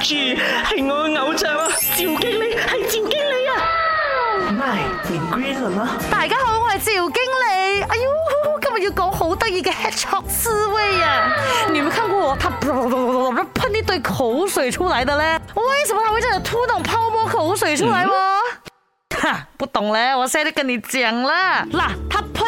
住，係我嘅偶像啊！趙經理，係趙經理啊 m y m y g r e n 啦！大家好，我係趙經理。哎喲，今日要講好得意嘅 hedgehog 刺蝟呀！ 你有冇看過我？他噗噗噗噗噗噴一堆口水出來的咧？ 我為什麼他會這樣突動泡沫口水出來嗎、啊？哈、嗯， 不懂咧，我先嚟跟你講啦。嗱，他噴。